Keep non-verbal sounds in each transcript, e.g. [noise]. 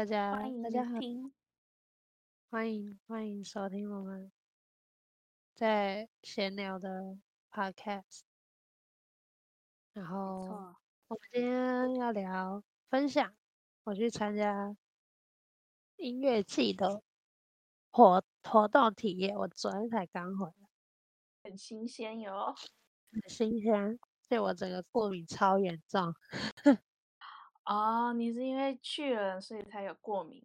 大家歡迎，大家好，歡迎歡迎收聽我們在閒聊的 Podcast。然後，我們今天要聊分享。我去參加音樂祭的活活動體驗，我昨天才剛回來，很新鮮喲、哦，很新鮮。對，我整個過敏超嚴重。 [laughs] 哦，Oh，你是因為去了所以才有過敏？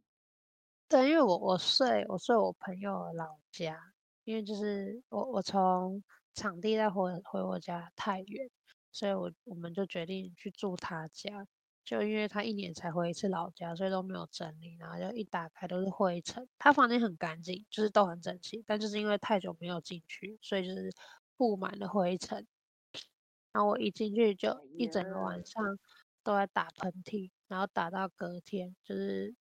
對，因為我我睡我睡我朋友的老家，因為就是我我從場地再回回我家太遠，所以我我們就決定去住他家，就因為他一年才回一次老家，所以都沒有整理，然後就一打開都是灰塵。他房間很乾淨，就是都很整齊，但就是因為太久沒有進去，所以就是佈滿了灰塵。然後我一進去就一整個晚上。哎都在打噴嚏，然後打到隔天，就是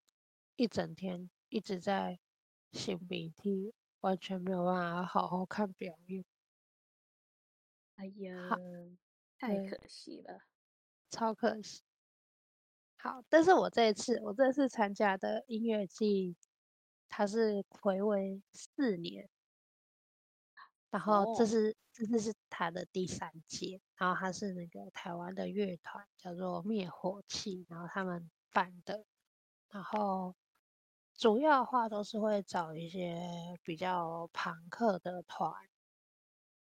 一整天一直在擤鼻涕，完全沒有辦法好好看表演。哎呀，太可惜了，超可惜。好，但是我這一次，我這次參加的音樂祭，它是暌違四年，然後這是。哦這是他的第三屆，然後他是那個台灣的樂團，叫做滅火器，然後他們辦的，然後主要的話都是會找一些比較龐克的團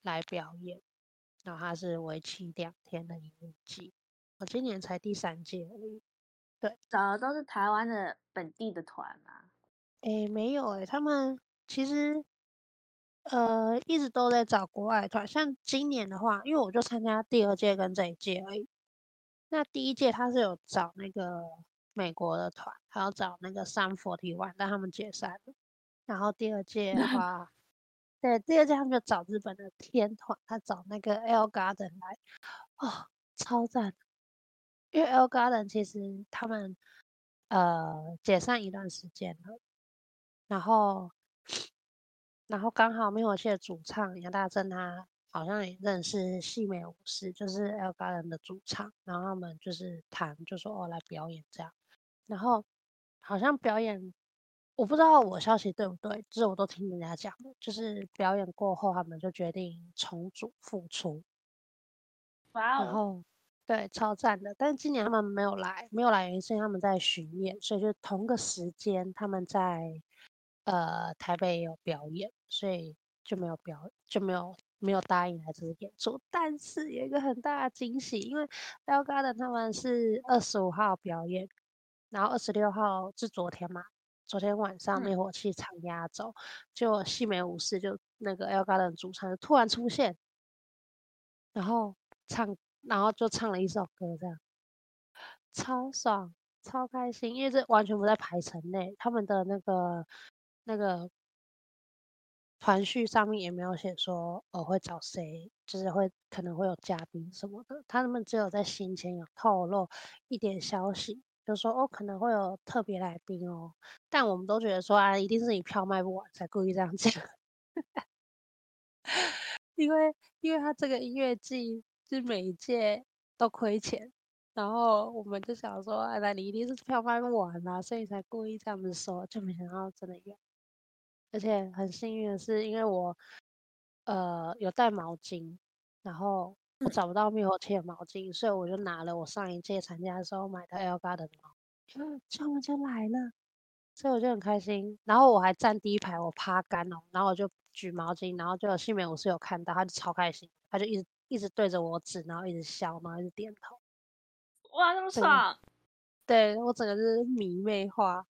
來表演，然後他是為期兩天的音樂祭，我今年才第三屆而已，對，找的都是台灣的本地的團啊，哎、欸，沒有哎、欸，他們其實。呃，一直都在找國外的團，像今年的話，因為我就參加第二屆跟這一屆而已。那第一屆他是有找那個美國的團，還有找那個 Sum 41，但他們解散了。然後第二屆的話， [laughs] 對，第二屆他們就找日本的天團，他找那個 L Garden 來，哦，超讚！因為 L Garden 其實他們呃解散一段時間了，然後。然後剛好滅火器的主唱楊大正他好像也認識細美武士，就是 ELLEGARDEN 的主唱，然後他們就是談，就說哦來表演這樣，然後好像表演，我不知道我的消息對不對，這我都聽人家講的，就是表演過後他們就決定重組復出，哇哦，然後對超讚的，但是今年他們沒有來，沒有來原因是因為他們在巡演，所以就同個時間他們在呃台北也有表演。所以就沒有表，就沒有沒有答應來這個演出。但是有一個很大的驚喜，因為 ELLEGARDEN 他們是二十五號表演，然後二十六號是昨天嘛，昨天晚上滅火器場壓軸，就細美武士就那個 ELLEGARDEN 主唱就突然出現，然後唱，然後就唱了一首歌，這樣超爽超開心，因為這完全不在排程內，他們的那個那個。團序上面也沒有寫說我、哦、會找誰，就是會可能會有嘉賓什麼的，他們只有在行前有透露一點消息，就說哦可能會有特別來賓哦，但我們都覺得說啊一定是你票賣不完才故意這樣講。 [laughs] 因為因為他這個音樂祭是每一屆都虧錢，然後我們就想說啊那你一定是票賣不完啦，啊，所以才故意這樣子說，就沒想到真的有。而且很幸運的是，因為我，呃，有帶毛巾，然後找不到滅火器的毛巾，所以我就拿了我上一屆參加的時候買的 LGA 的毛巾，這樣我就來了，所以我就很開心。然後我還站第一排，我趴干哦，然後我就舉毛巾，然後就有幸免，我是有看到，他就超開心，他就一直一直對着我指，然後一直笑嘛，然後一直點頭，哇，那麼爽，對，對我整個就是迷妹化，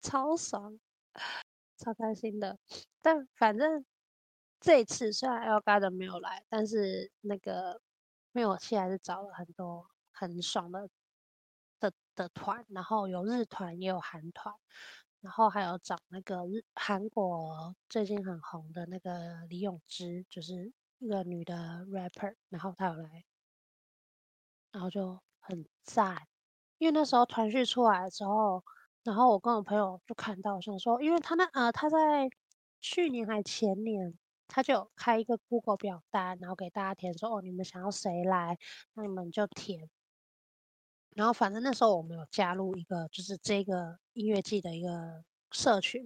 超爽。超開心的，但反正這一次雖然 L g a 沒有來，但是那個滅火器，還是找了很多很爽的的的團，然後有日團也有韓團，然後還有找那個日韓國最近很紅的那個李永芝，就是一個女的 rapper，然後她有來，然後就很讚，因為那時候團序出來的時候，然後我跟我朋友就看到，想說，因為他那呃，他在去年還前年，他就開一個 Google 表單，然後給大家填說，說哦，你們想要誰來，那你們就填。然後反正那時候我們有加入一個，就是這個音樂季的一個社群，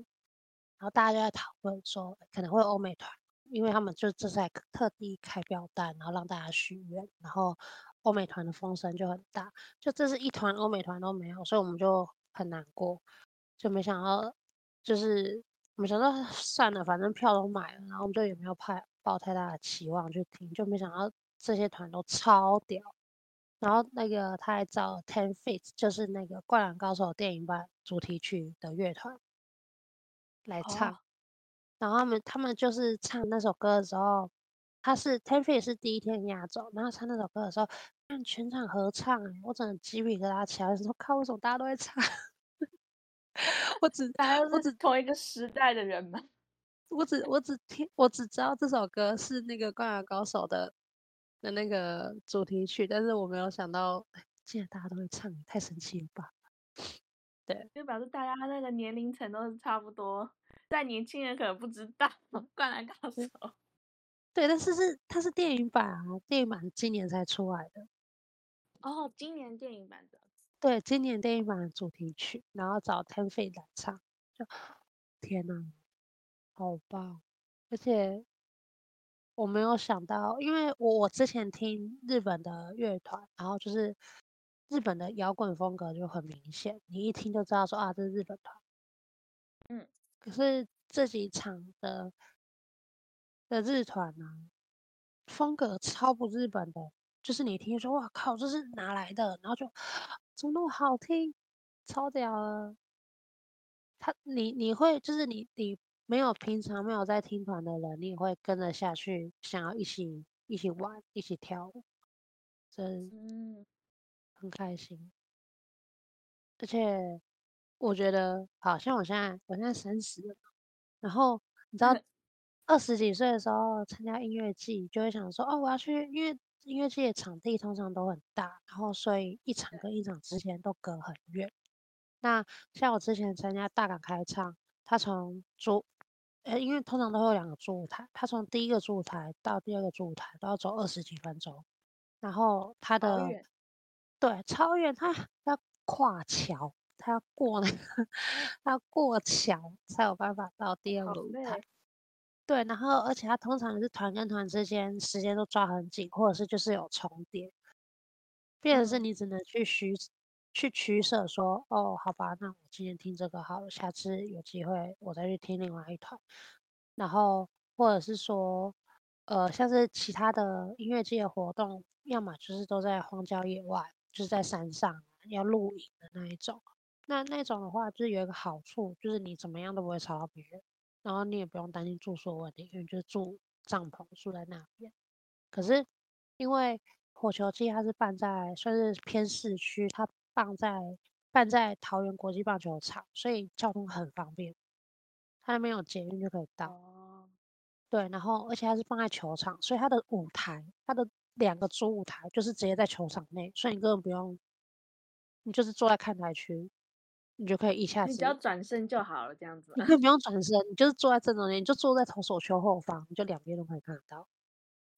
然後大家就在討論說，可能會歐美團，因為他們就正在特地開表單，然後讓大家許願，然後歐美團的風聲就很大，就這是一團歐美團都沒有，所以我們就。很難過，就沒想到，就是沒想到，算了，反正票都買了，然後我們就也沒有太抱太大的期望去聽，就沒想到這些團都超屌，然後那個他還找 Ten Feet，就是那個《灌籃高手》電影版主題曲的樂團來唱，哦、然後他們他們就是唱那首歌的時候。他是 Tiffany 也是第一天壓軸，然後唱那首歌的時候，嗯、全場合唱，欸，我整個雞皮疙瘩起來，候，看為什麼大家都會唱？ [laughs] 我只大家都是我只同一個時代的人嘛，我只我只聽我只知道這首歌是那個《灌籃高手》的的那個主題曲，但是我沒有想到竟然大家都會唱，太神奇了吧？對，就表示大家那個年齡層都是差不多，但年輕人可能不知道《灌籃高手。》 [laughs] 對，但是是它是電影版啊，電影版今年才出來的。哦、oh，今年電影版的。對，今年電影版的主題曲，然後找 Ten Feet 來唱。就天啊，好棒！而且我沒有想到，因為我我之前聽日本的樂團，然後就是日本的搖滾風格就很明顯，你一聽就知道說啊，這是日本團。嗯。可是這幾場的。的日團呢、啊，風格超不日本的，就是你聽就說哇靠，這是哪來的？然後就怎麼那麼好聽，超屌！他你你會就是你你沒有平常沒有在聽團的人，你也會跟得下去，想要一起一起玩，一起跳，真很開心。而且我覺得好像我現在我現在三十了，然後你知道。嗯二十幾歲的時候參加音樂祭，就會想說哦，我要去，因為音樂祭的場地通常都很大，然後所以一場跟一場之前都隔很遠。那像我之前參加大港開唱，他從主，呃、欸，因為通常都會有兩個主舞台，他從第一個主舞台到第二個主舞台都要走二十幾分鐘，然後他的超遠，對，超遠，他要跨橋，他要過、那個，他要過橋才有辦法到第二個舞台。對，然後而且它通常是團跟團之間時間都抓很緊，或者是就是有重疊，變成是你只能去取去取舍說，說哦，好吧，那我今天聽這個好了，下次有機會我再去聽另外一團，然後或者是說，呃，像是其他的音樂節活動，要麼就是都在荒郊野外，就是在山上要露營的那一種，那那種的話就是有一個好處，就是你怎麼樣都不會吵到別人。然後你也不用擔心住宿問題，因為就是住帳篷，住在那邊。可是因為火球季它是放在算是偏市區，它放在辦在桃園國際棒球場，所以交通很方便。它那邊有捷運就可以到。對，然後而且它是放在球場，所以它的舞台，它的兩個主舞台就是直接在球場內，所以你根本不用，你就是坐在看台區。你就可以一下子，你只要轉身就好了，這樣子。你可以不用轉身，你就是坐在正中間，你就坐在投手球後方，你就兩邊都可以看得到。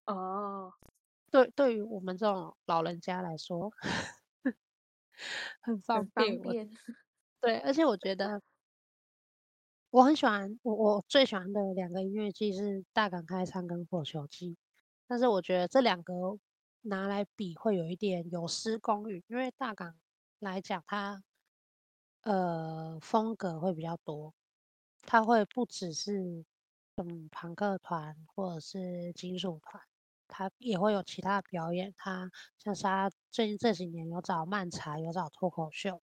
哦、oh.，對，對於我們這種老人家來說， [laughs] 很方便。 [laughs] 對，而且我覺得，我很喜歡我我最喜歡的兩個音樂祭是《大港開唱》跟《火球季》，但是我覺得這兩個拿來比會有一點有失公允，因為大港來講，它。呃，風格會比較多，它會不只是，嗯，龐克團或者是金屬團，它也會有其他的表演。它像是它最近這幾年有找漫才，有找脫口秀，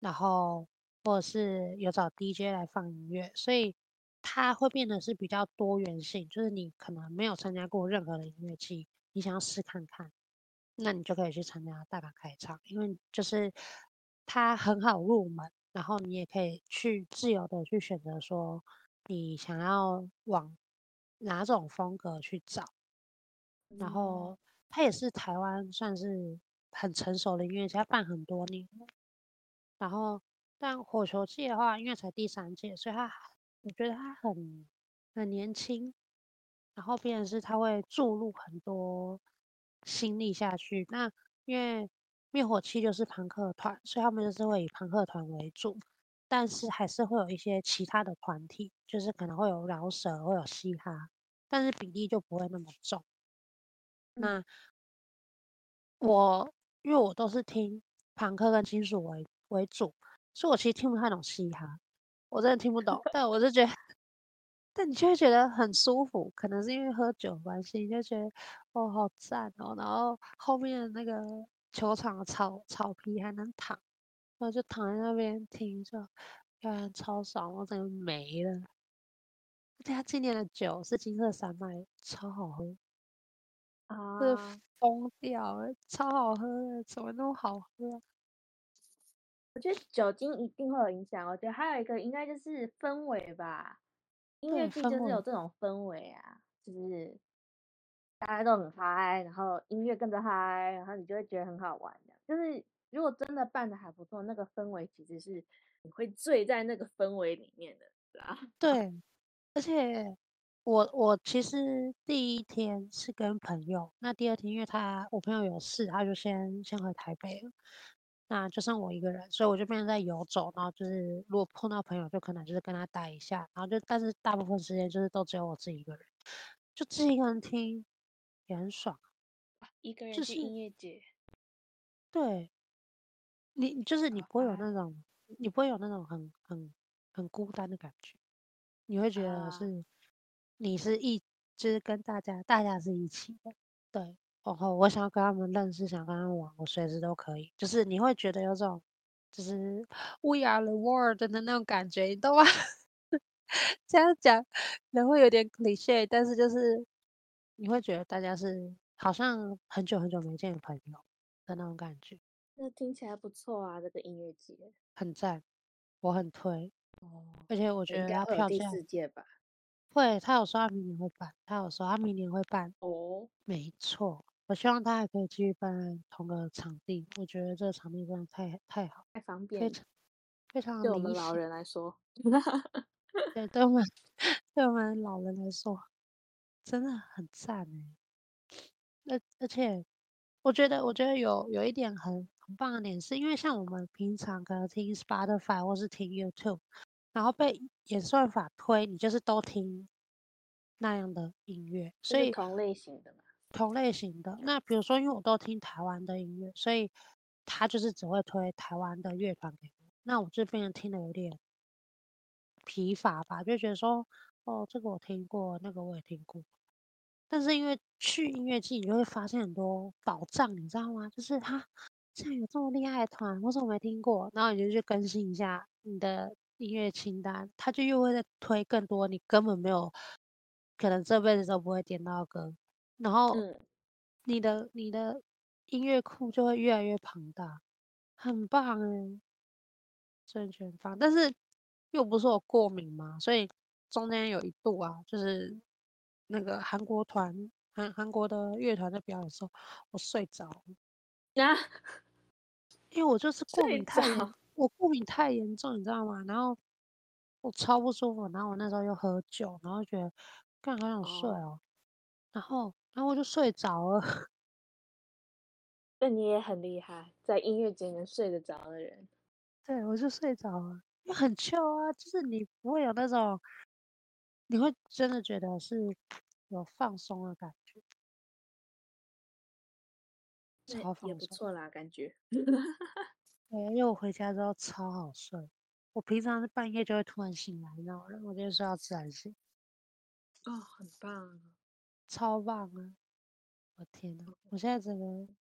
然後或者是有找 DJ 來放音樂，所以它會變得是比較多元性。就是你可能沒有參加過任何的音樂祭，你想要試看看，那你就可以去參加大港開唱，因為就是。它很好入門，然後你也可以去自由的去選擇說你想要往哪種風格去找，然後它也是台灣算是很成熟的音樂祭，他辦很多年，然後但火球季的話，因為才第三屆，所以他我覺得他很很年輕，然後變成是他會注入很多心力下去，那因為。滅火器就是朋克團，所以他們就是會以朋克團為主，但是還是會有一些其他的團體，就是可能會有饒舌，會有嘻哈，但是比例就不會那麼重。那、嗯、我因為我都是聽朋克跟金屬為為主，所以我其實聽不太懂嘻哈，我真的聽不懂。 [laughs] 但我就覺得，但你就會覺得很舒服，可能是因為喝酒關係，你就覺得哦好讚哦，然後後面那個。球場的草草皮還能躺，然後就躺在那邊聽着，哎，超爽，我整個沒了。他今年的酒是金色三麥，超好喝啊，是瘋掉，超好喝，啊就是，超好喝怎麼那麼好喝，啊。我覺得酒精一定會有影響，我覺得還有一個應該就是氛圍吧，音樂祭就是有這種氛圍啊，是不是？大家都很嗨，然後音樂跟着嗨，然後你就會覺得很好玩這樣。就是如果真的辦得還不錯，那個氛圍其實是你會醉在那個氛圍裡面的啊。對，而且我我其實第一天是跟朋友，那第二天因為他我朋友有事，他就先先回台北了，那就剩我一個人，所以我就變成在遊走。然後就是如果碰到朋友，就可能就是跟他待一下，然後就但是大部分時間就是都只有我自己一個人，就自己一個人聽。也很爽，一個人去音樂節，對你就是你不會有那種，你不會有那種很很很孤單的感覺，你會覺得是，你是一就是跟大家大家,大家是一起的，對，然後我想要跟他們認識，想跟他們玩，我隨時都可以，就是你會覺得有這種就是 We are the world 的那種感覺，你懂嗎？ [laughs] 這樣講人會有點 c l 但是就是。你會覺得大家是好像很久很久沒見的朋友的那種感覺，那聽起來不錯啊！這個音樂節很讚，我很推哦。而且我覺得他第漂世界吧，會他有說他明年會辦，他有說他明年會辦哦，沒錯。我希望他還可以繼續辦同個場地，我覺得這個場地真的太太好，太方便，非常，非常我 [laughs] 對、對，我對我們老人來說，對、對我們對我們老人來說。真的很讚哎、欸，而而且我，我覺得我覺得有有一點很很棒的點，是因為像我們平常可能聽 Spotify 或是聽 YouTube，然後被演算法推，你就是都聽那樣的音樂，所以、就是、同類型的嘛。同類型的，那比如說，因為我都聽台灣的音樂，所以他就是只會推台灣的樂團給我。那我這邊聽得有點疲乏吧，就覺得說，哦，這個我聽過，那個我也聽過。但是因為去音樂祭，你就會發現很多寶藏，你知道嗎？就是他、啊、這樣有這麼厲害的團，我怎麼沒聽過？然後你就去更新一下你的音樂清單，他就又會再推更多你根本沒有，可能這輩子都不會點到的歌，然後你的，、嗯、你的你的音樂庫就會越來越龐大，很棒哎、欸！鄭權芳，但是又不是我過敏嘛，所以中間有一度啊，就是。那個韓國團，韓韓國的樂團在表演的時候，我睡着了，呀、啊，因為我就是過敏太，我過敏太嚴重，你知道嗎？然後我超不舒服，然後我那時候又喝酒，然後覺得，幹好想睡哦，哦，然後，然後我就睡着了。那、哦、 [laughs] 你也很厲害，在音樂節能睡得着的人。對，我就睡着了，就很糗啊，就是你不會有那種。你會真的覺得是有放鬆的感覺，超放鬆的也不錯啦，感覺。 [laughs] 對，因為我回家之後超好睡，我平常是半夜就會突然醒來，然後我就睡到自然醒。哦，很棒啊，超棒啊！我天哪，我現在整個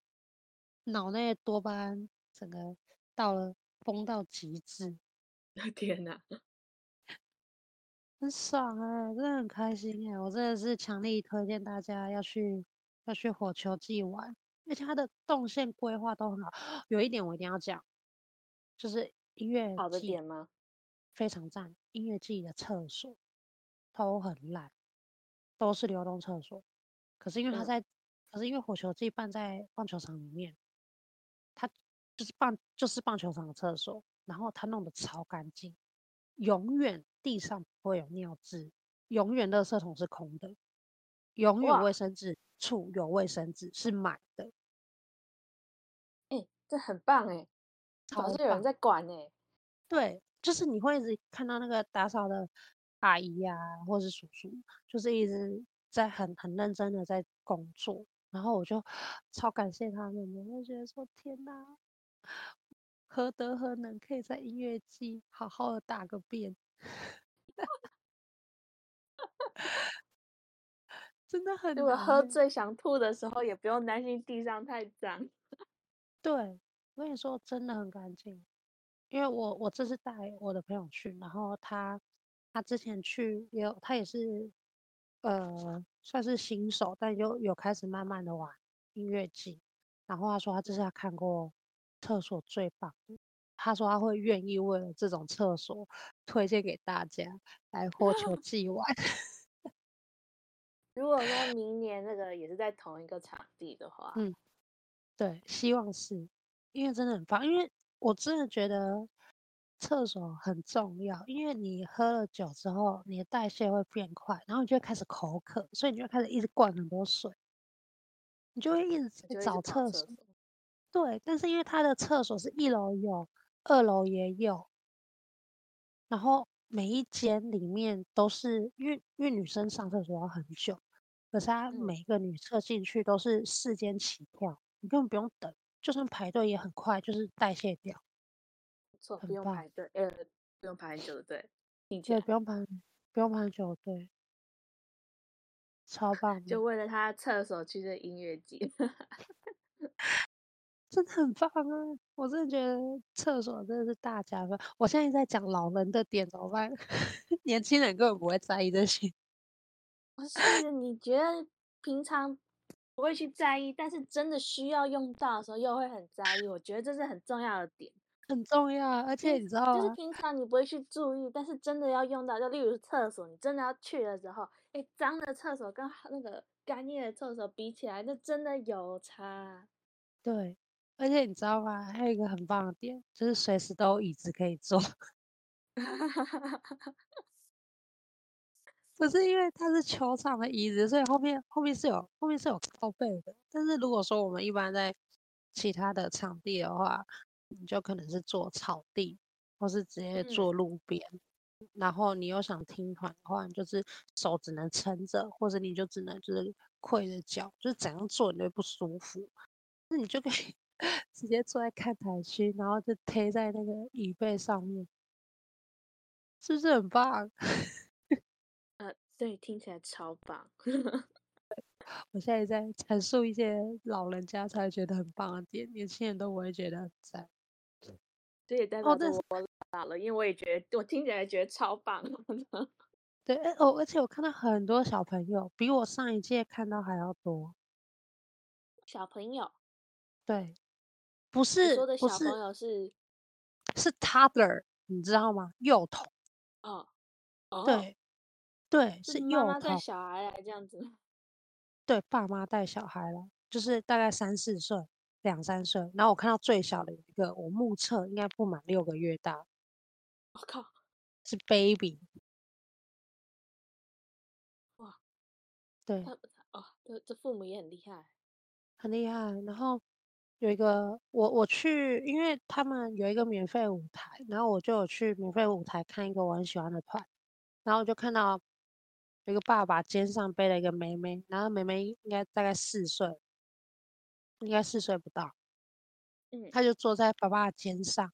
腦內多巴胺整個到了瘋到極致。我天哪！很爽啊、欸，真的很開心哎、欸！我真的是強力推薦大家要去要去火球季玩，而且他的動線規劃都很好。有一點我一定要講，就是音樂好的點嗎？非常讚！音樂祭的廁所都很爛，都是流動廁所。可是因為他在、嗯，可是因為火球季辦在棒球場裡面，他就是棒就是棒球場的廁所，然後他弄得超乾淨，永遠。地上不會有尿漬，永遠垃圾桶是空的，永遠衛生紙處有衛生紙是滿的。哎、欸，這很棒哎、欸，好像有人在管哎、欸。對，就是你會一直看到那個打掃的阿姨啊，或是叔叔，就是一直在很很認真的在工作。然後我就超感謝他們，我會覺得說天哪、啊，何德何能可以在音樂季好好的打個遍。 [laughs] [laughs] 真的很，如果喝醉想吐的時候，也不用擔心地上太髒 [laughs] 。對，我跟你說，真的很乾淨。因為我我這次帶我的朋友去，然後他他之前去也有，他也是呃算是新手，但又有開始慢慢的玩音樂祭。然後他說他這是他看過廁所最棒。他說他會願意為了這種廁所，推薦給大家來火球祭玩。如果說明年那個也是在同一個場地的話， [laughs] 嗯，對，希望是，因為真的很棒，因為我真的覺得廁所很重要，因為你喝了酒之後，你的代謝會變快，然後你就會開始口渴，所以你就會開始一直灌很多水，你就會一直找廁所。廁所對，但是因為他的廁所是一樓有。二樓也有，然後每一間裡面都是，因為女生上廁所要很久，可是她每一個女廁進去都是四間起跳，你根本不用等，就算排隊也很快，就是代謝掉，很不用排隊，呃，不用排很久的隊，對，不用排，不用排很久隊，超棒，就為了他廁所去的音樂節。 [laughs] 真的很棒啊！我真的覺得廁所真的是大加分。我現在一直在講老人的點，怎麼辦？ [laughs] 年輕人根本不會在意這些。不是，你覺得平常不會去在意，但是真的需要用到的時候又會很在意。我覺得這是很重要的點，很重要。而且你知道嗎、欸，就是平常你不會去注意，但是真的要用到，就例如廁所，你真的要去、欸、的時候，哎，髒的廁所跟那個乾淨的廁所比起來，那真的有差、啊。對。而且你知道嗎？還有一個很棒的點，就是隨時都有椅子可以坐。 [laughs] 不是因為它是球場的椅子，所以後面後面是有後面是有靠背的。但是如果說我們一般在其他的場地的話，你就可能是坐草地，或是直接坐路邊，嗯。然後你又想聽團的話，你就是手只能撐着，或者你就只能就是跪着腳，就是怎樣坐你都會不舒服。那你就可以。直接坐在看台區，然後就貼在那個椅背上面，是不是很棒？ [laughs] 呃，對，聽起來超棒。 [laughs] 我現在在闡述一些老人家才覺得很棒的點，年輕人都不會覺得很讚。對，但是，、哦、但是我老了，因為我也覺得我聽起來覺得超棒。 [laughs] 對，哎，我、哦，而且我看到很多小朋友，比我上一屆看到還要多。小朋友。對。不是，是，不是小朋友，是是 toddler，你知道嗎？幼童。哦、oh. oh.，對，對，是爸媽，媽帶小孩來這樣子。對，爸媽帶小孩來，就是大概三四歲、兩三歲。然後我看到最小的一個，我目測應該不滿六個月大。我、oh、靠！是 baby。哇、oh.，對。他哦，這父母也很厲害。很厲害，然後。有一個我我去，因為他們有一個免費舞台，然後我就有去免費舞台看一個我很喜歡的團，然後我就看到有一個爸爸肩上背了一個妹妹，然後妹妹應該大概四歲，應該四歲不到，嗯，他就坐在爸爸肩上，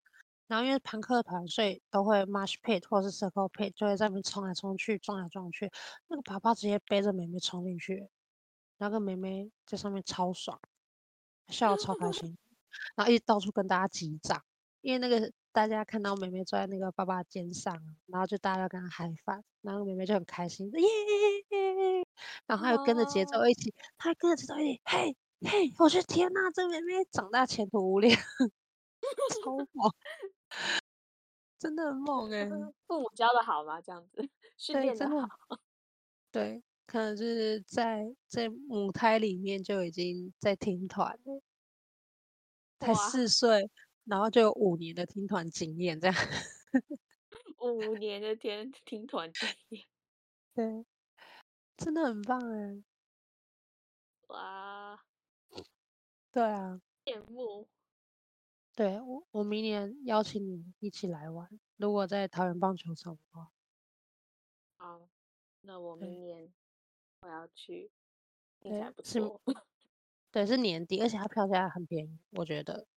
然後因為朋克團，所以都會 mosh pit 或是 circle pit，就會在上面衝來衝去，撞來撞去，那個爸爸直接背着妹妹衝進去，那個妹妹在上面超爽。笑得超開心，然後一直到處跟大家擊掌，因為那個大家看到妹妹坐在那個爸爸肩上，然後就大家要跟她嗨翻，然後妹妹就很開心，耶，耶，耶，耶，耶，然後還有跟着節奏一起，哦、他跟着節奏一起，嘿嘿，我的天哪，啊，這妹妹長大前途無量，超猛，真的很猛哎，欸，父母教的好嗎？這樣子，訓練得好，對。可能就是在在母胎裡面就已經在聽團了，才四歲，然後就有五年的聽團經驗，這樣，五年的天 [laughs] 聽團經驗，對，真的很棒哎，哇，對啊，羨慕，對我我明年邀請你一起來玩，如果在桃園棒球場的話，好，那我明年。我要去不，對，是，對，是年底，而且它票價很便宜，我覺得，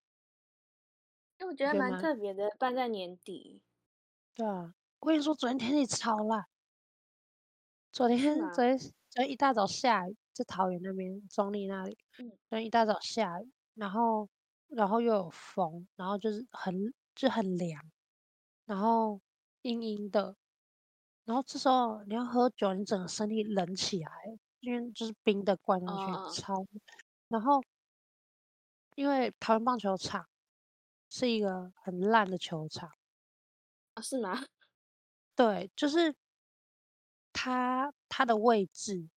因為我覺得蠻特別的，辦在年底。對啊，我跟你說，昨天天氣超爛。昨天，昨天昨天一大早下雨，在桃園那邊，中壢那裡，嗯，昨天一大早下雨，然後，然後又有風，然後就是很，就很涼，然後陰陰的。然後這時候你要喝酒，你整個身體冷起來，因為就是冰的灌進、嗯、去超。然後，因為台灣棒球場是一個很爛的球場啊，是嗎？對，就是它它的位置，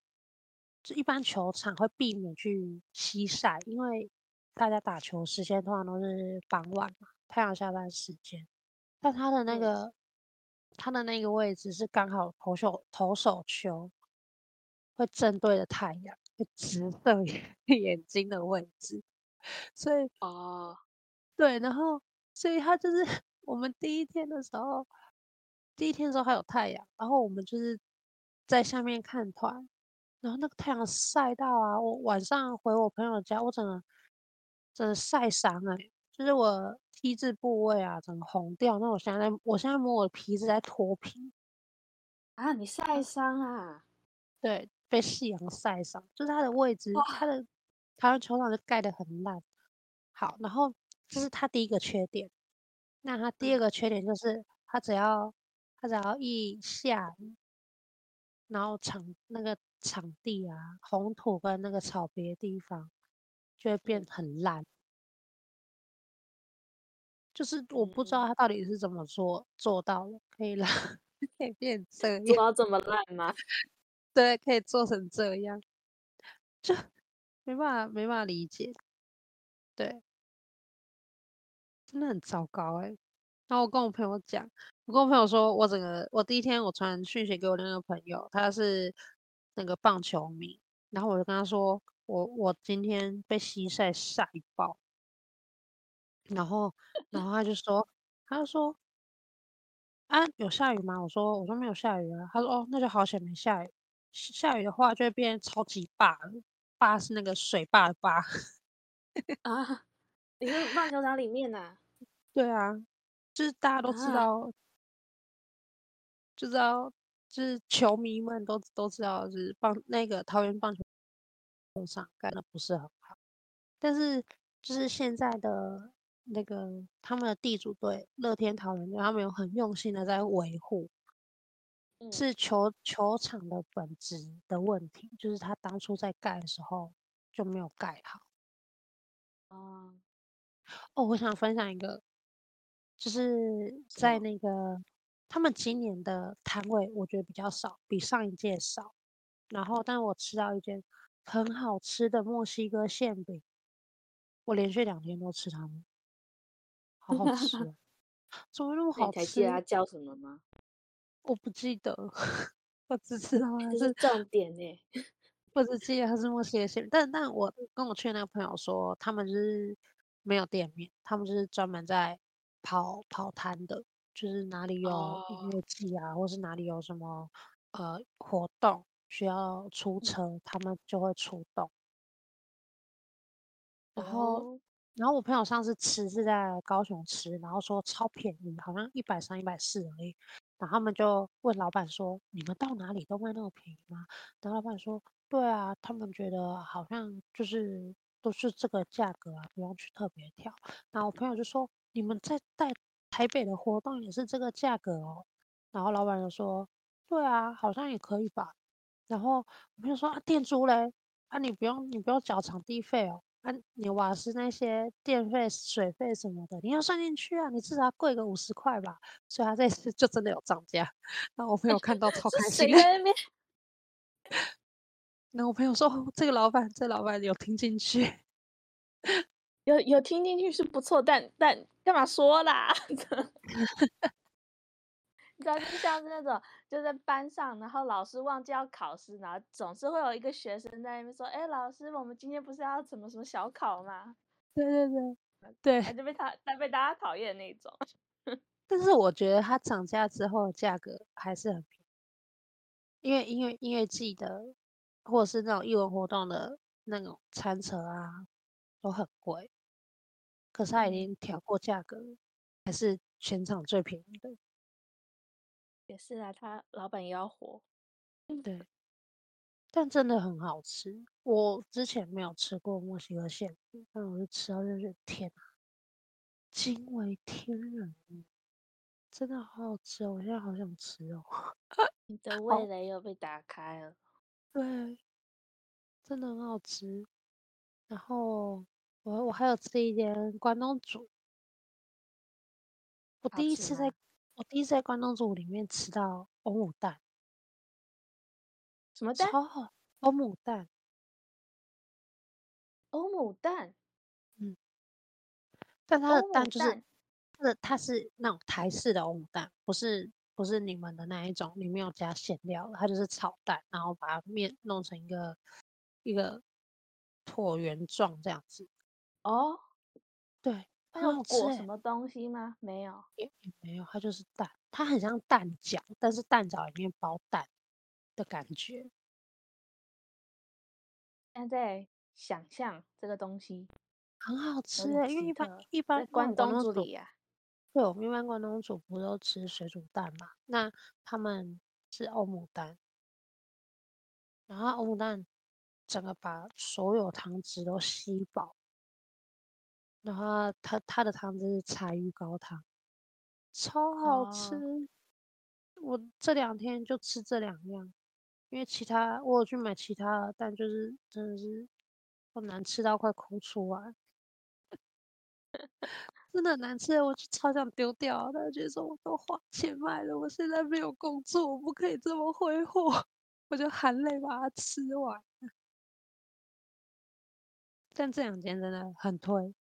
就一般球場會避免去西曬，因為大家打球時間通常都是傍晚嘛，太陽下班時間。但它的那個。嗯他的那個位置是剛好投手投手球會正對着太陽，會直射眼睛的位置，所以哦、嗯，對，然後所以他就是我們第一天的時候，第一天的時候還有太陽，然後我們就是在下面看團，然後那個太陽曬到啊，我晚上回我朋友的家，我整個真的曬傷了、欸。就是我 T 字部位啊，整個紅掉。那我現在，在，我現在摸我的皮子在脫皮。啊，你曬傷啊？對，被夕陽曬傷。就是它的位置，哦、它的台灣球場就蓋得很爛。好，然後這、就是它第一個缺點。那它第二個缺點就是，它只要它只要一下，然後場那個場地啊，紅土跟那個草皮的地方就會變很爛。就是我不知道他到底是怎麼做、嗯、做到的，可以了，可以變成，做到這麼爛嗎？ [laughs] 對，可以做成這樣，就沒辦法沒辦法理解，對，真的很糟糕哎、欸。然後我跟我朋友講，我跟我朋友說，我整個我第一天我傳訊息給我的那個朋友，他是那個棒球迷，然後我就跟他說，我我今天被西曬曬爆。 [laughs] 然後，然後他就說，他就說，啊，有下雨嗎？我說，我說沒有下雨啊。他說，哦，那就好險，沒下雨。下雨的話，就會變超級壩了，壩是那個水壩的壩。 [laughs] 啊， [laughs] 你是棒球場裡面啊？ [laughs] 對啊，就是大家都知道，啊、就知道，就是球迷們都都知道，就是棒那個桃園棒球，球場幹的不是很好，但是就是現在的。那個他們的地主隊樂天桃猿隊，他們有很用心的在維護。嗯、是球球場的本質的問題，就是他當初在蓋的時候就沒有蓋好。嗯、哦，我想分享一個，就是在那個他們今年的攤位，我覺得比較少，比上一屆少。然後，但是我吃到一間很好吃的墨西哥餡餅，我連續兩天都吃他們。好好吃，怎麼那麼好吃？啊？叫什麼嗎？我不記得，我只知道。它是，是重點誒、欸，我 [laughs] 只記得它是墨西哥餡，但但我跟我去的那個朋友說，他們就是沒有店面，他們就是專門在跑跑攤的，就是哪裡有音樂祭啊、哦，或是哪裡有什麼呃活動需要出車、嗯，他們就會出動。然後。哦然後我朋友上次吃是在高雄吃，然後說超便宜，好像一百三、一百四而已。然後他們就問老闆說：“你們到哪裡都賣那麼便宜嗎？”然後老闆說：“對啊，他們覺得好像就是都是這個價格啊，不用去特別挑。”然後我朋友就說：“你們在台台北的活動也是這個價格哦？”然後老闆就說：“對啊，好像也可以吧。”然後我朋友說：“啊，店租嘞，啊你不用你不用繳場地費哦。”啊、你瓦斯那些電費、水費什麼的，你要算進去啊！你至少要貴個五十塊吧，所以他這次就真的有漲價。那我朋友看到 [laughs] 超開心。那 [laughs] 然後我朋友說：“喔、這個老板，這個、老板有聽進去，有有聽進去是不錯，但但幹嘛說啦？” [laughs] [laughs] 你知道，就像是那種就在班上，然後老師忘記要考試，然後總是會有一個學生在那邊說：“哎，老師，我們今天不是要什麼什麼小考嗎？”對對對，對，還就被他被被大家討厭那種。 [laughs] 但是我覺得它漲價之後的價格還是很便宜，因為音樂音樂祭的，或者是那種藝文活動的那種餐車啊，都很貴，可是它已經調過價格，還是全場最便宜的。也是啊，他老闆也要火，對，但真的很好吃。我之前沒有吃過墨西哥餡，但我就吃到就是天啊，驚為天人，真的好好吃哦！我現在好想吃哦， [laughs] 你的味蕾又被打開了，對，真的很好吃。然後我我還有吃一點關東煮，我第一次在。我第一次在關東煮裡面吃到歐姆蛋，什麼蛋？哦，歐姆蛋。歐姆蛋，嗯。但它的蛋就是，它的它是那種台式的歐姆蛋，不是不是你們的那一種，裡面有加餡料的，它就是炒蛋，然後把它面弄成一個一個橢圓狀這樣子。哦，對。要裹、欸、什麼東西嗎？沒有，也沒有，它就是蛋，它很像蛋餃，但是蛋餃裡面包蛋的感覺。現、欸、在想象這個東西很好吃、欸就是，因為一般，一般關東煮裡啊，對，我們一般關東煮不都吃水煮蛋嘛？嗯、那他們吃歐姆蛋，然後歐姆蛋整個把所有湯汁都吸飽。然後他他的湯汁是柴魚高湯，超好吃、哦。我這兩天就吃這兩樣，因為其他我有去買其他的，但就是真的是我難吃到快哭出來， [laughs] 真的難吃，我就超想丟掉。他就說我都花錢買了，我現在沒有工作，我不可以這麼揮霍，我就含淚把它吃完。但 [laughs] 這兩天真的很推。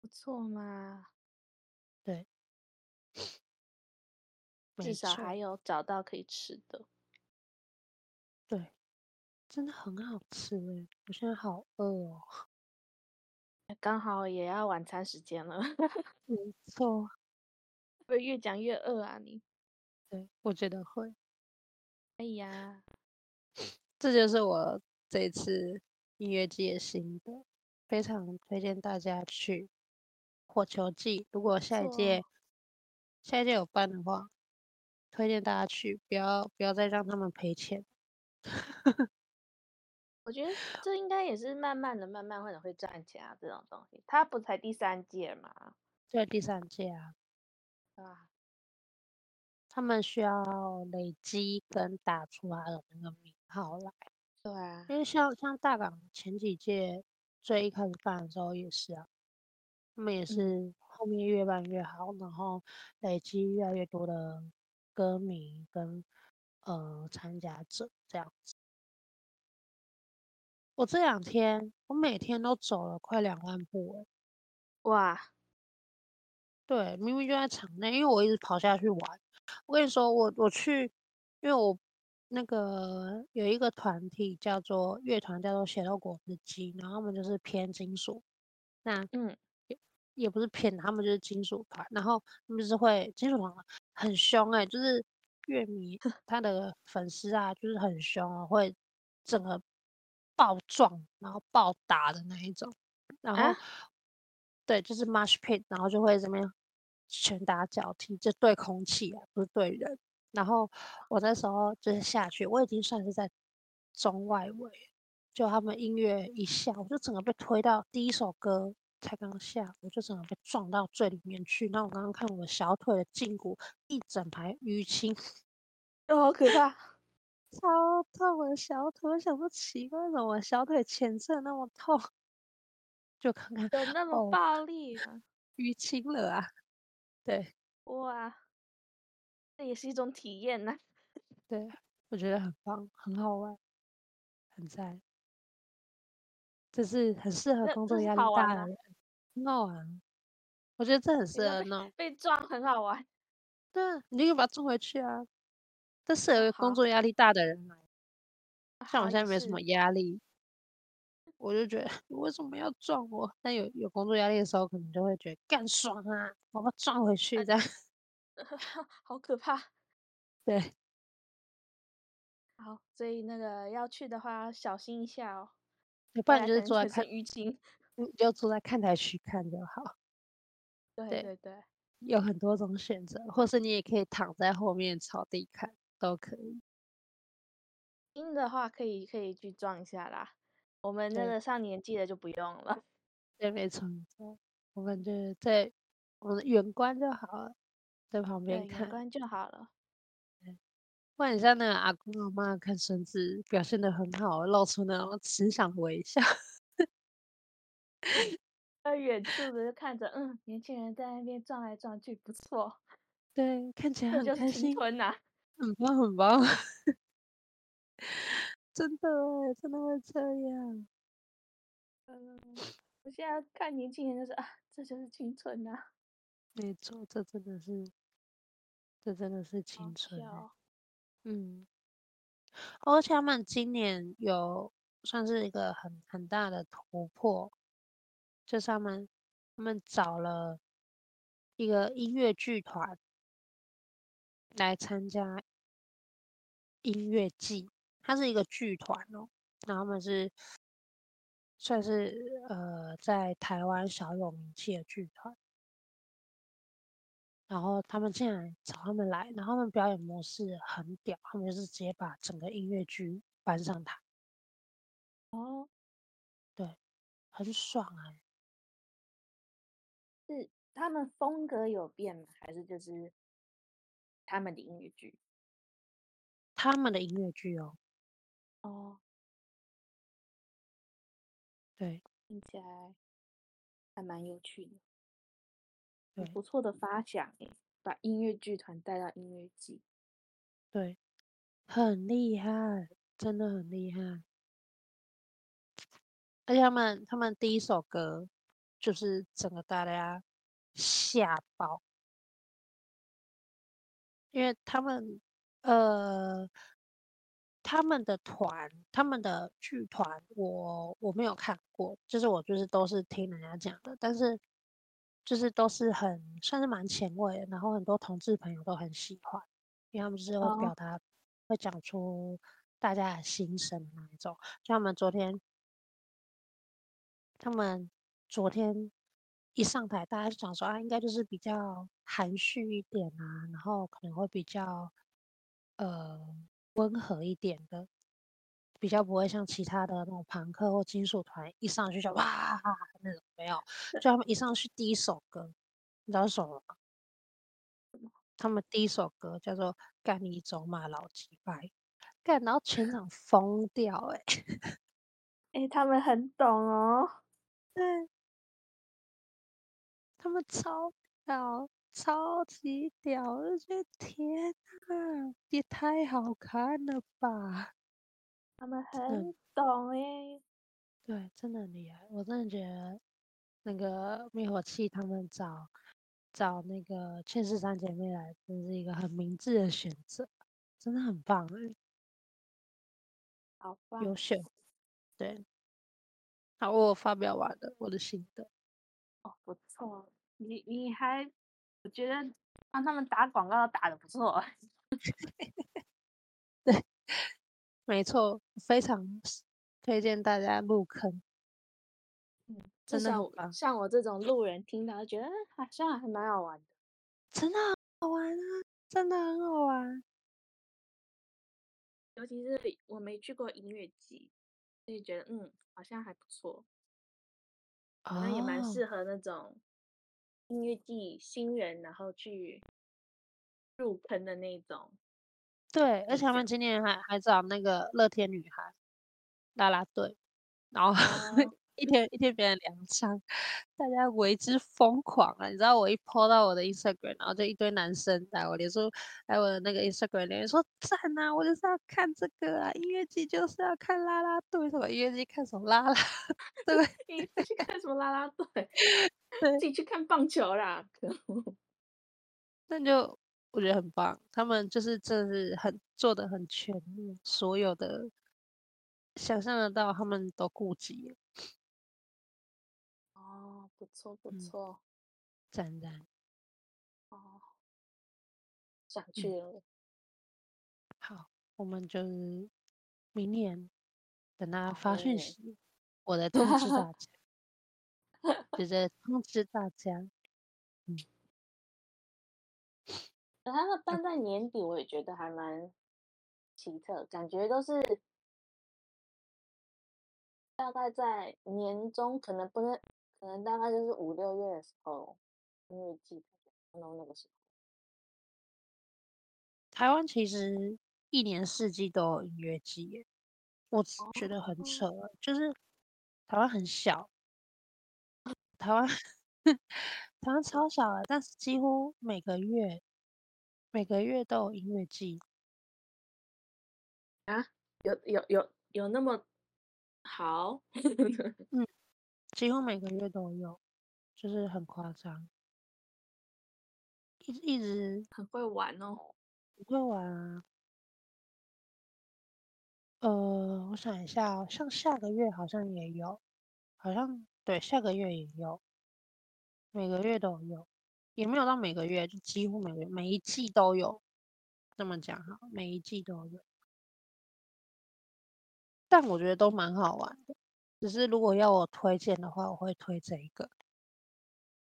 不錯嘛，對，至少還有找到可以吃的，對，真的很好吃誒，我現在好餓哦，剛好也要晚餐時間了， [laughs] 沒錯，會不會越講越餓啊你？對，我覺得會，哎呀，這就是我這次音樂祭的心得，非常推薦大家去。火球季，如果下一屆、啊、下一屆有辦的話，推薦大家去，不要不要再讓他們賠錢。 [laughs] 我覺得這應該也是慢慢的、慢慢會會賺錢啊，這種東西，他不才第三屆嘛，對，第三屆啊，啊，他們需要累積跟打出來的那個名號來，對啊，因為像像大港前幾屆最一開始辦的時候也是啊。他們也是後面越辦越好，嗯，然後累積越來越多的歌迷跟呃參加者這樣子。我這兩天我每天都走了快兩萬步誒，哇！對，明明就在場內，因為我一直跑下去玩。我跟你說，我我去，因為我那個有一個團體叫做樂團，叫做血肉果汁機，然後他們就是偏金屬。那嗯。也不是騙他們就是金屬團。然後他們就是會金屬團，很凶誒、欸，就是樂迷他的粉絲啊，就是很凶，會整個暴撞然後暴打的那一種，然後、啊、對，就是 mosh pit 然後就會這邊拳打腳踢，就對空氣、啊、不是對人。然後我那時候就是下去，我已經算是在中外圍，就他們音樂一下，我就整個被推到第一首歌，才剛下，我就正好被撞到最裡面去。那我剛剛看我小腿的脛骨一整排淤青，都好可怕， [laughs] 超痛，我的小腿，我想說奇怪，怎麼的小腿前側那麼痛？就看看，有那麼暴力嗎、啊？淤、哦、青了啊！對，哇，這也是一種體驗呢、啊，對，我覺得很棒，很好玩，很讚，這是很適合工作壓力大的人。鬧、no、啊！我覺得這很適合鬧、no。被撞很好玩。對，你就可以把它撞回去啊。這適合工作壓力大的人，啊，像我現在沒什麼壓力，啊，我就覺得為什麼要撞我？但有有工作壓力的時候，可能就會覺得幹爽啊，把它撞回去的、啊呃。好可怕。對。好，所以那個要去的話，小心一下哦。不然，不然你就是坐在那裡淤青。你就坐在看台區看就好。對對對，有很多種選擇，或是你也可以躺在後面草地看，都可以。硬的話可以可以去撞一下啦。我們那個上年紀的就不用了。對沒錯，我感覺在我們遠觀就好了，在旁邊看就好了。對，很像那個阿公阿嬤，看孫子表現得很好，露出那種慈祥微笑。在 [laughs] 遠處的就看着，嗯，年輕人在那邊轉來轉去，不錯。對，看起來很開心。 [laughs] 很棒，很棒。 [laughs] 真的，真的會這樣。嗯，我現在看年輕人就是啊，這就是青春吶，啊。沒錯，這真的是，這真的是青春。好笑哦，嗯，哦，而且他們今年有算是一個很很大的突破。就是他們，他們找了一個音樂劇團來參加音樂季。它是一個劇團哦，然後他們是算是呃在台灣小有名氣的劇團。然後他們竟然找他們來，然後他們表演模式很屌，他們就是直接把整個音樂劇搬上台。哦，對，很爽啊、欸！是他們風格有變嗎？還是就是他們的音樂劇？他們的音樂劇哦，哦，對，聽起來還蠻有趣的，有不錯的發想誒，把音樂劇團帶到音樂季，對，很厲害，真的很厲害，而且他們他們第一首歌。就是整個大家嚇包，因為他們，呃，他們的團，他們的劇團我，我我沒有看過，就是我就是都是聽人家講的，但是就是都是很算是蠻前衛的，然後很多同志朋友都很喜歡，因為他們是會表達，oh. 會講出大家的心聲那一種，像我們昨天，他們。昨天一上台，大家就講說啊，應該就是比較含蓄一點啊，然後可能會比較呃溫和一點的，比較不會像其他的那種朋克或金屬團一上去就哇、啊、那種沒有，就他們一上去第一首歌你知道是什麼嗎？他們第一首歌叫做《幹你走馬老吉拜》，幹然後全場瘋掉哎、欸，哎、欸、他們很懂哦，對。他們超屌，超級屌！我覺得天哪，也太好看了吧！他們很懂哎，對，真的很厲害！我真的覺得那個滅火器，他們找找那個勸世三姊妹來，真、就是一個很明智的選擇，真的很棒，好優秀，對，好，我發表完了我的心得。哦，我。哦，你你還，我覺得幫他們打廣告打得不錯， [laughs] 對，沒錯，非常推薦大家入坑。嗯，真的像，像我這種路人聽到覺得，好像還蠻好玩的，真的好玩啊，真的很好玩。尤其是我沒去過音樂祭，就覺得嗯，好像還不錯，好像也蠻適合那種。音樂祭新人，然後去入坑的那種。對，而且他們今天還還找那個樂天女孩啦啦隊，然後。然後 [laughs] 一天一天，別人兩場，大家為之瘋狂啊。你知道，我一 po 到我的 Instagram，然後就一堆男生來我連說，來我的那個 Instagram 留言說讚吶、啊！我就是要看這個啊，音樂祭就是要看啦啦隊，什麼音樂祭看什麼啦啦，對，音樂看什麼啦啦隊，自己去看棒球啦。那 [laughs] [laughs] 就我覺得很棒，他們就是真的是很做的很全面，所有的想象得到，他們都顧及。不錯不錯，讚讚、嗯、哦，想去、嗯，好，我們就明年等他發訊息，我來通知大家， [laughs] 就在通知大家。 [laughs] 嗯，他、嗯、的辦在年底，我也覺得還蠻奇特，感覺都是大概在年中，可能不能。可能大概就是五六月的時候，音樂祭，看到那個時候。台灣其實一年四季都有音樂祭，我覺得很扯，哦、就是台灣很小，台灣 [laughs] 台灣超小了，但是幾乎每個月每個月都有音樂祭。啊？有有有有那麼好？ [laughs] 嗯。幾乎每個月都有，就是很誇張，一直一直很會玩哦，不會玩啊。呃，我想一下哦，像下個月好像也有，好像對，下個月也有，每個月都有，也沒有到每個月，就幾乎每個月每一季都有，這麼講哈，每一季都有，但我覺得都蠻好玩的。只是如果要我推薦的話，我會推這一個。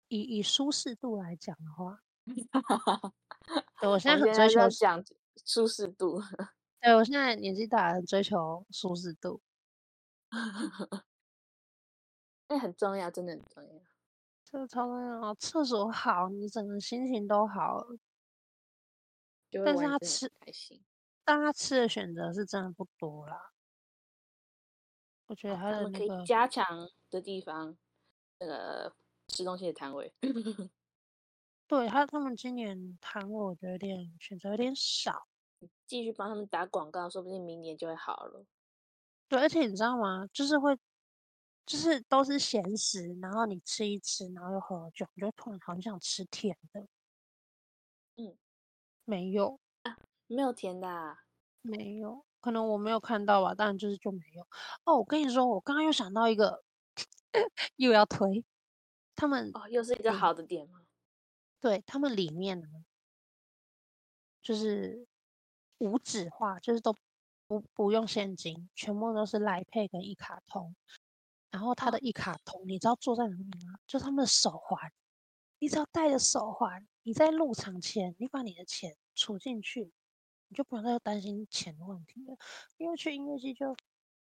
以以舒適度來講的話， [laughs] [laughs] 對，我現在很追求講究舒適度。對，我現在年紀大了，追求舒適度，那 [laughs] 很重要，真的很重要。這個超重要，廁所好，你整個心情都好。但是他吃還行，但他吃的選擇是真的不多啦。我覺得他、那個、他們可以加強的地方，那、呃、個吃東西的攤位。 [laughs] 對他，他們今年攤位我覺得有點選擇有點少，繼續幫他們打廣告，說不定明年就會好了。對，而且你知道嗎？就是會，就是都是鹹食，然後你吃一吃，然後又喝酒，你就突然好像想吃甜的。嗯，沒有，啊、沒有甜的、啊，沒有。可能我沒有看到吧，但就是就沒有。哦，我跟你說，我剛剛又想到一個， [laughs] 又要推他們哦，又是一個好的點啊。對，他們裡面呢，就是無紙化，就是都不不用現金，全部都是來配個一卡通。然後他的一卡通，你知道做在哪裡嗎？就是、他們的手環，你只要帶着手環，你在入場前，你把你的錢儲進去。你就不用再擔心錢的問題了，因為去音樂祭，就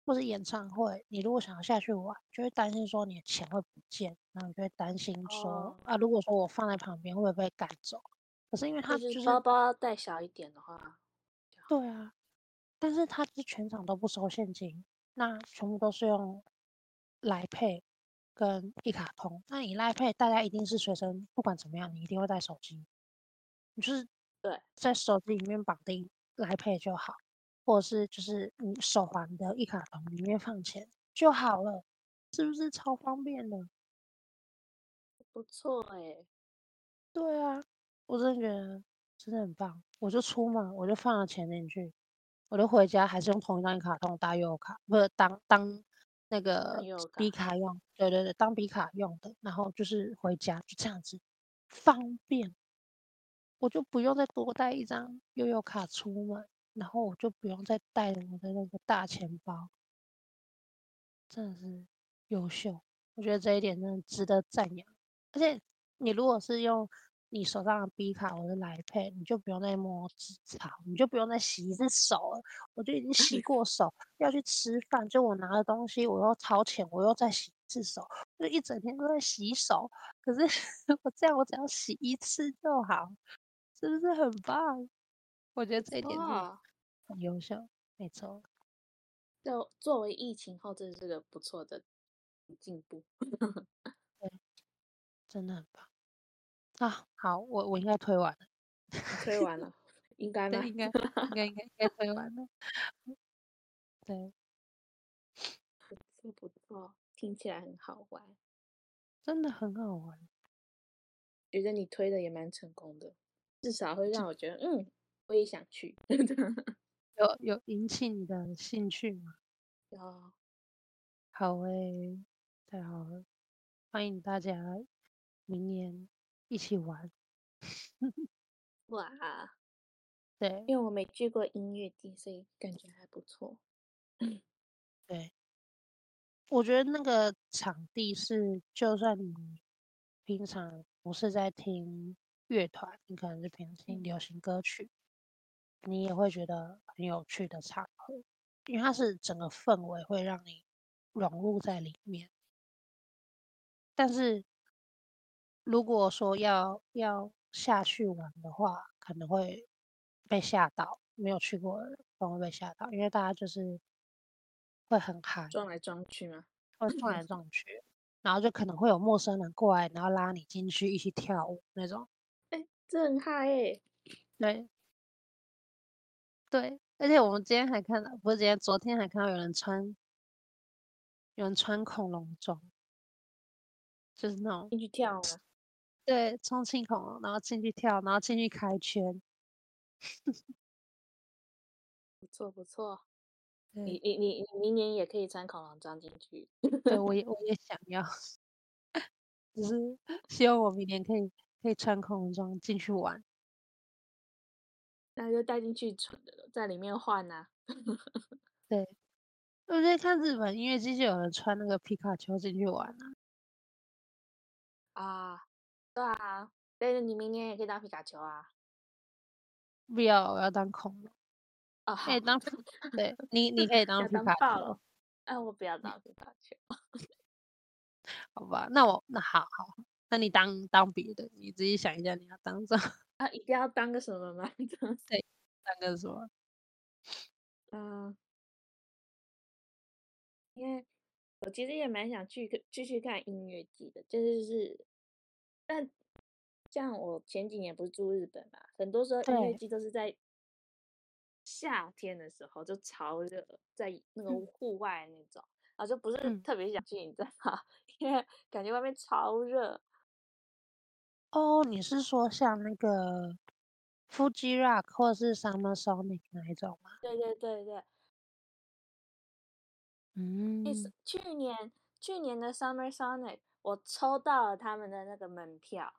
或者演唱會，你如果想要下去玩，就會擔心說你的錢會不見，然後你就會擔心說、哦、啊，如果說我放在旁邊會不會被趕走？可是因為他、就是、就是包包帶小一點的話，對啊，但是他就是全場都不收現金，那全部都是用 Line Pay 跟一卡通。那你 Line Pay 大家一定是隨身，不管怎麼樣，你一定會帶手機，你就是對在手機裡面綁定。來配就好，或者是就是嗯，手環的一卡通裡面放錢就好了，是不是超方便的？不錯哎、欸，對啊，我真的覺得真的很棒。我就出門，我就放到前面去，我就回家還是用同一張一卡通當 U 卡，不是當當那個嗶卡用卡，對對對，當嗶卡用的，然後就是回家就這樣子，方便。我就不用再多帶一張悠遊卡出門，然後我就不用再帶我的那個大錢包，真的是優秀。我覺得這一點真的值得讚揚。而且你如果是用你手上的 B 卡我者來配，你就不用再摸紙鈔，你就不用再洗一次手了。我就已經洗過手， [laughs] 要去吃飯，就我拿的東西我又掏錢，我又再洗一次手，就一整天都在洗手。可是如果 [laughs] 這樣，我只要洗一次就好。是不是很棒？我覺得這一點很優秀，哦，沒錯。就作為疫情後，這是一個不錯的進步。 [laughs] 對，真的很棒啊！好，我我應該推完了，推完了， [laughs] 應該嗎？應該應該應該推完了。 [laughs] 對，不錯不錯，聽起來很好玩，真的很好玩。覺得你推的也蠻成功的。至少會讓我覺得，嗯，我也想去， [laughs] 有有引起你的興趣嗎？有，好誒、欸，太好了，歡迎大家明年一起玩， [laughs] 哇，對，因為我沒去過音樂節，所以感覺還不錯。對，我覺得那個場地是，就算你平常不是在聽，樂團，你可能是平時聽流行歌曲，嗯，你也會覺得很有趣的場合，因為它是整個氛圍會讓你融入在裡面。但是如果說要要下去玩的話，可能會被嚇到，沒有去過的人會被嚇到，因為大家就是會很嗨，撞來撞去嘛，會撞來撞去， [laughs] 然後就可能會有陌生人過來，然後拉你進去一起跳舞那種。震撼哎，對，對，而且我們今天還看到，不是今天，昨天還看到有人穿，有人穿恐龍裝，就是那種進去跳嘛，對，充氣恐龍，然後進去跳，然後進去開圈， [laughs] 不錯不錯，你你你你明年也可以穿恐龍裝進去， [laughs] 對，我也我也想要， [laughs] 只是希望我明年可以。可以穿恐龍裝進去玩，那就帶進去穿在裡面換啊。 [laughs] 對，我在看日本音樂祭就有人穿那個皮卡丘進去玩啊。啊，對啊，但是你明年也可以當皮卡丘啊。不要，我要當恐龍。哦，可以、欸、當， [laughs] 對你，你可以當皮卡哎、啊，我不要當皮卡丘。 [laughs] 好吧，那我那好好。那你當當別的，你自己想一下，你要當什麼？啊，一定要當個什麼嗎？當什麼？對，當個什麼？嗯，uh，因為我其實也蠻想去繼續看音樂祭的，就是是，但像我前幾年不是住日本嘛，很多時候音樂祭都是在夏天的時候就超熱，在那個戶外那種、嗯，啊，就不是特別想去，你知道嗎？因為感覺外面超熱。哦、oh，你是說像那個 Fuji Rock 或是 Summer Sonic 那一種嗎？對對對對，嗯，去年去年的 Summer Sonic 我抽到了他們的那個門票，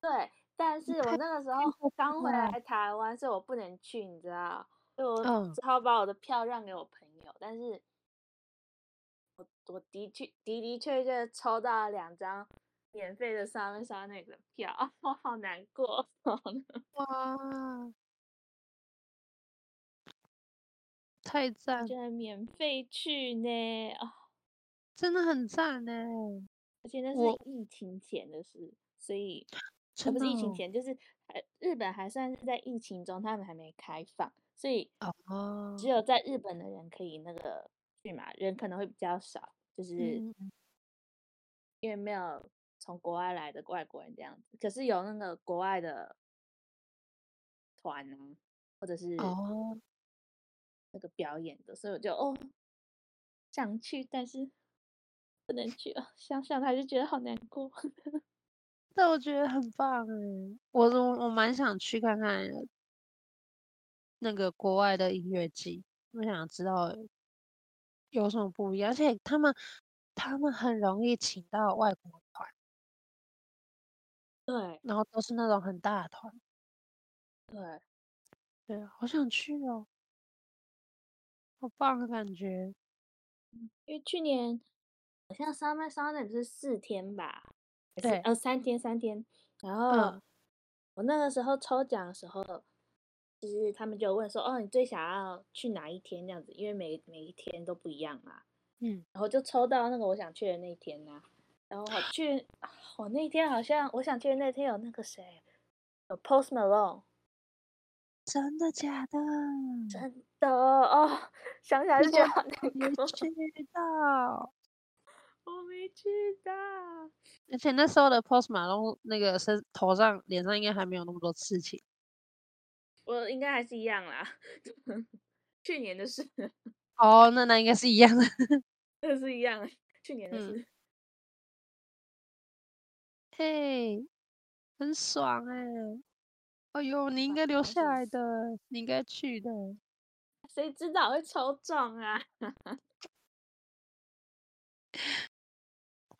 對，但是我那個時候剛回來台灣，所以我不能去，你知道，就我只好把我的票讓給我朋友，但是。我的確的的確確抽到兩張免費的《莎曼莎》那個票，哦、我好難，好難過。哇，太讚！居然免費去呢，哦，真的很讚呢。而且那是疫情前的事，所以，哦啊，不是疫情前，就是日本還算是在疫情中，他們還沒開放，所以只有在日本的人可以那個去嘛，人可能會比較少。就是，因為沒有從國外來的外國人這樣子，可是有那個國外的團啊，或者是哦那個表演的，oh. 所以我就哦想去，但是不能去哦。想想他就覺得好難過。 [laughs] 但我覺得很棒哎，我我我蠻想去看看那個國外的音樂祭，我想知道。有什麼不一樣？而且他們他們很容易請到外國團，對，然後都是那種很大的團，對，對，好想去哦，好棒的感覺。因為去年好像 Summer Sonic 是四天吧？對，呃，三天，三天。然後、嗯、我那個時候抽獎的時候。就是他們就問說，哦，你最想要去哪一天這樣子？因為每每一天都不一樣啊。嗯，然後就抽到那個我想去的那一天呢、啊。然後我去，啊、我那天好像我想去的那天有那個誰，呃 Post Malone。真的假的？真的哦，想起來就覺得那個。我沒去到，我沒去到。而且那時候的 Post Malone 那個身頭上臉上應該還沒有那麼多刺青。我應該還是一樣啦，去年的事。哦，那那應該是一樣的， [laughs] 那是一樣，去年的事。嘿、嗯，hey，很爽哎、欸！哎呦，你應該留下來的，你應該去的。誰知道我會抽中啊？ [laughs]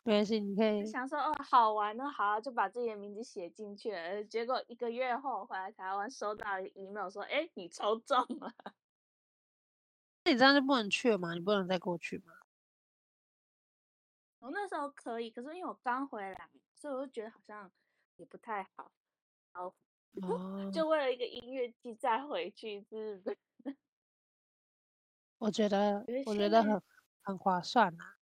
沒事，你可以。想說哦，好玩哦，好啊，就把自己的名字寫進去了。了結果一個月後回來台灣，收到了 email 說：“哎、欸，你抽中了。”那你這樣就不能去了嗎？你不能再過去嗎？我那時候可以，可是因為我剛回來，所以我就覺得好像也不太好。哦， [laughs] 就為了一個音樂祭再回去，是不是？我覺得，我覺得很很划算啊。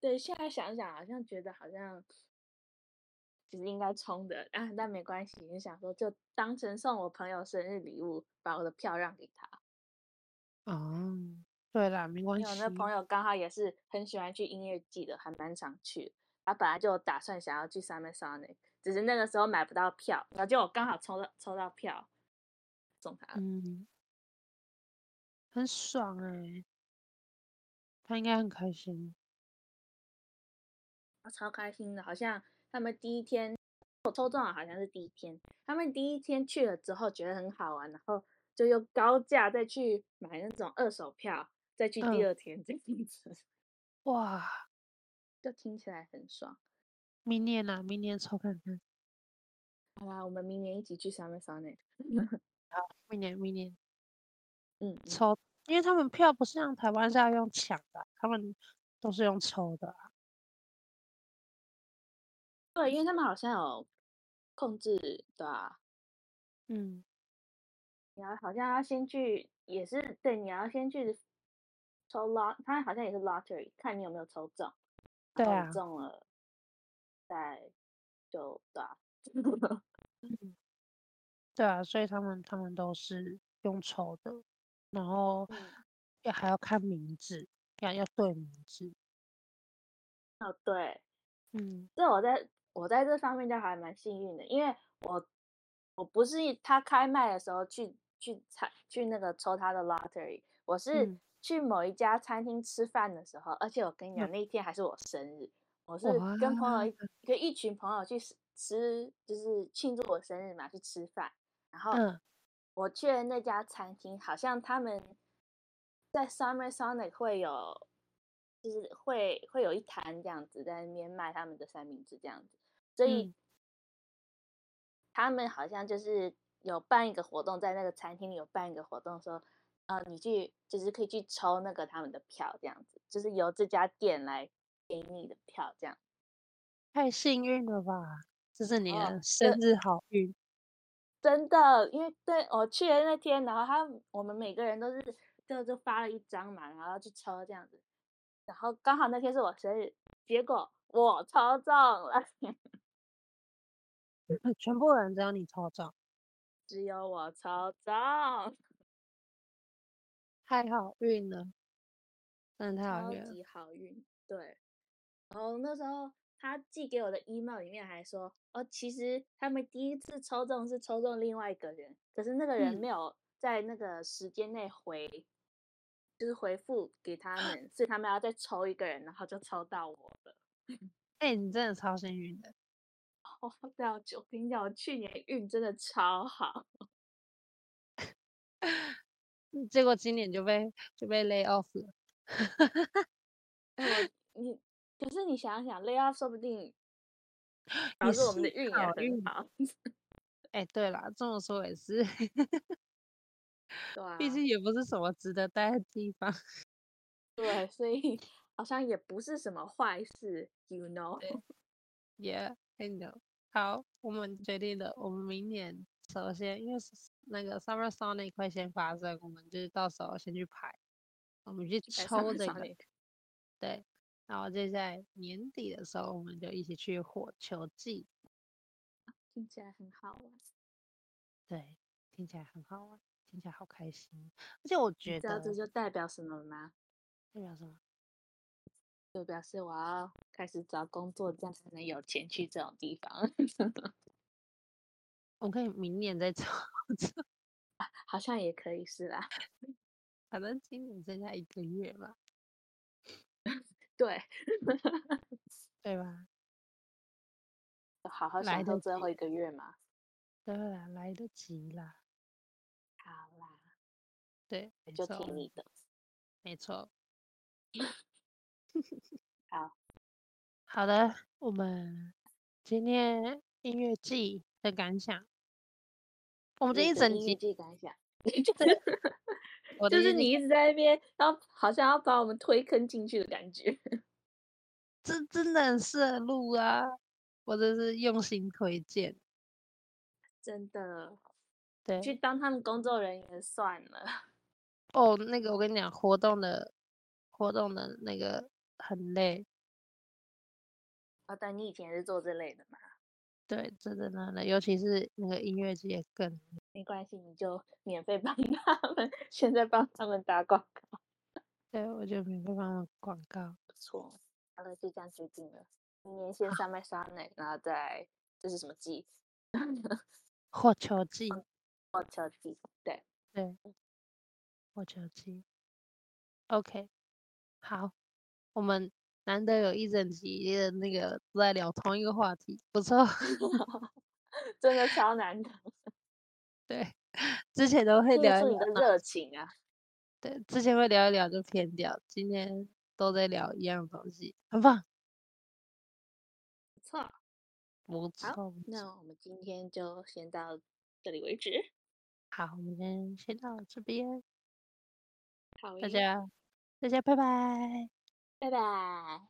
對，現在想想好像覺得好像其實應該衝的啊，但沒關係，你想說就當成送我朋友生日禮物，把我的票讓給他。哦，對了，沒關係。我那朋友剛好也是很喜歡去音樂祭的，還蠻常去。他本來就打算想要去 Summer Sonic 只是那個時候買不到票，然後就我剛好抽到抽到票送他，嗯，很爽哎、欸，他應該很開心。超開心的，好像他們第一天我抽中了，好像是第一天。他們第一天去了之後覺得很好玩，然後就又高價再去買那種二手票，再去第二天再拼車。哇，就聽起來很爽。明年啊，明年抽看看。好啦、啊，我們明年一起去上面上呢。好， [laughs] 明年明年。嗯，抽，因為他們票不是像台灣是要用搶的，他們都是用抽的。對，因為他們好像有控制，對吧，啊？嗯，你要好像要先去，也是對，你要先去抽拉，他好像也是 lottery，看你有沒有抽中。對啊，中了，再就對啊 [laughs] [laughs] 對啊，所以他們他們都是用抽的，然後也還要看名字，要要對名字。嗯。哦，對，嗯，這我在。我在這方面就還蠻幸運的，因為我我不是他開麥的時候去去採去那個抽他的 lottery，我是去某一家餐廳吃飯的時候、嗯，而且我跟你講，那一天還是我生日，我是跟朋友跟一群朋友去吃，就是慶祝我生日嘛，去吃飯，然後我去了那家餐廳，好像他們在 Summer Sonic 會有就是會會有一攤這樣子在那邊賣他們的三明治這樣子。所以、嗯、他們好像就是有辦一個活動，在那個餐廳裡有辦一個活動說，說、呃，你去就是可以去抽那個他們的票，這樣子，就是由這家店來給你的票，這樣。太幸運了吧！這是你的生日好運，哦、真的，因為對我去的那天，然後他我們每個人都是就就發了一張嘛，然後去抽這樣子，然後剛好那天是我生日，結果我抽中了。 [laughs] 全部人只有你抽中，只有我抽中，太好運了，真的太好運了，超級好運，對。然後那時候他寄給我的 email 裡面還說，哦，其實他們第一次抽中是抽中另外一個人，可是那個人沒有在那個時間內回、嗯，就是回復給他們，所以他們要再抽一個人，然後就抽到我了。哎、欸，你真的超幸運的。我喝倒酒，跟你講我去年運真的超好，結果今年就被就被 lay off 了。 [laughs] 你可是你想想 [laughs] ，lay off 說不定導致我們的運也很好。哎、欸，對了，這麼說也是， [laughs] 對、啊，畢竟也不是什麼值得待的地方。對，所以好像也不是什麼壞事，you know？Yeah, I know. 好，我們決定的。我們明年首先，因為那個 Summer Sonic 那一塊先發生，我們就到時候先去排，我們去抽這個。對，然後就在年底的時候，我們就一起去火球季。聽起來很好玩。對，聽起來很好玩，聽起來好開心。而且我覺得。知道這就代表什麼嗎？代表什麼？就表示我要開始找工作，這樣才能有錢去這種地方。 [laughs] 我可以明年再找，好像也可以是啦。反正今年剩下一個月嘛。對，對吧？好好來到最後一個月嘛。得對啊，來得及啦。好啦。對，就聽你的。沒錯。 [laughs] 好，好的，我們今天音樂祭的感想，我們這一整集的季感想，就是、 [laughs] 就是你一直在那邊，要好像要把我們推坑進去的感覺，這真的很適合錄啊，我真是用心推薦，真的，對，去當他們工作人員也算了。哦、oh，那個我跟你講，活動的活動的那個。很累。哦，但你以前也是做這類的嗎？對，真的真的，尤其是那個音樂節，更。沒關係，你就免費幫他們，現在幫他們打廣告。對，我就免費幫他們廣告。不錯，好了，就這樣決定了。明年先上麥上來，然後再這是什麼季？ [laughs] 火球季。火球季，對對。火球季。OK，好。我們難得有一整集的那個都在聊同一個話題，不錯， [laughs] 真的超難得。對，之前都會聊，聊注注你的熱情啊，對，之前會聊一聊就偏掉，今天都在聊一樣東西，很棒，不錯，不錯，不錯。那我們今天就先到這裡為止，好，我們先先到這邊，好，大家，大家拜拜。拜拜。